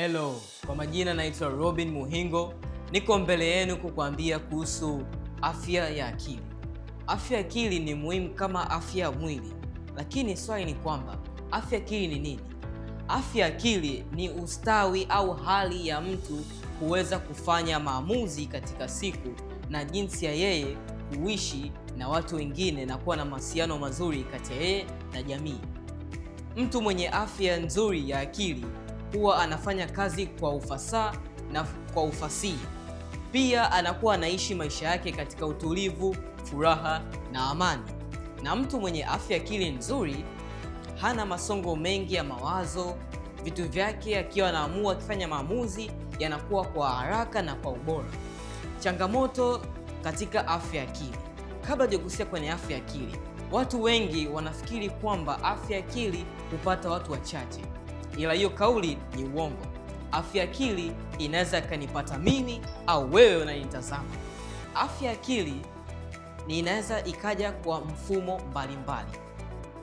Hello, kwa majina naitwa Robin Muhingo, niko mbele yenu kukuambia kuhusu afya ya akili. Afya ya akili ni muhimu kama afya ya mwili, lakini swali ni kwamba afya ya akili ni nini? Afya ya akili ni ustawi au hali ya mtu kuweza kufanya maamuzi katika siku na jinsi ya yeye kuishi na watu wengine na kuwa na mahusiano mazuri kati ya yeye na jamii. Mtu mwenye afya nzuri ya akili huwa anafanya kazi kwa ufasaha na kwa ufasihi. Pia anakuwa anaishi maisha yake katika utulivu, furaha na amani. Na mtu mwenye afya akili nzuri hana masongo mengi ya mawazo, vitu vyake akiwa anaamua, akifanya maamuzi yanakuwa kwa haraka na kwa ubora. Changamoto katika afya akili. Kabla hujagusia kwenye afya akili, watu wengi wanafikiri kwamba afya akili hupata watu wachache ila hiyo kauli ni uongo. Afya akili inaweza ikanipata mimi au wewe unanitazama. Afya akili ni inaweza ikaja kwa mfumo mbalimbali mbali.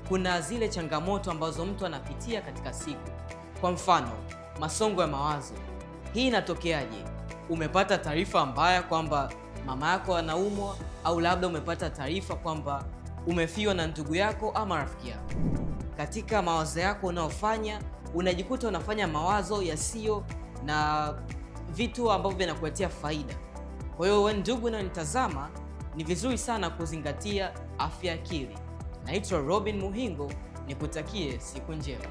Kuna zile changamoto ambazo mtu anapitia katika siku, kwa mfano masongo ya mawazo. Hii inatokeaje? Umepata taarifa mbaya kwamba mama yako anaumwa, au labda umepata taarifa kwamba umefiwa na ndugu yako ama rafiki yako. Katika mawazo yako unayofanya unajikuta unafanya mawazo yasiyo na vitu ambavyo vinakuletea faida. Kwa hiyo wewe ndugu unanitazama, ni vizuri sana kuzingatia afya akili. Naitwa Robin Muhingo, nikutakie siku njema.